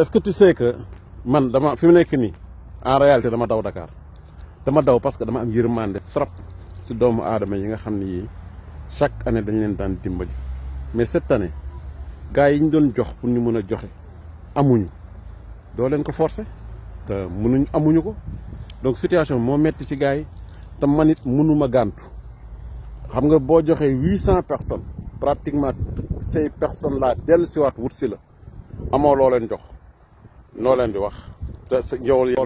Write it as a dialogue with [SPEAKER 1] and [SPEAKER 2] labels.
[SPEAKER 1] est-ce que tu sais que man dama fi mu nekk nii en réalité dama daw Dakar dama daw parce que dama am yermande trop ci doomu adama yi nga xamni chaque année dañ leen dan dimbali mais cette année gaay yi ñu doon jox pour ñu mëna joxe amuñu do leen ko forcer te mënuñ amuñu ko donc situation mo metti ci gaay te manit mënuma gantu xam nga bo joxe 800 personnes pratiquement ces personnes là delsi wat wursi la amo lo leen
[SPEAKER 2] jox noo leen di wax te sa yow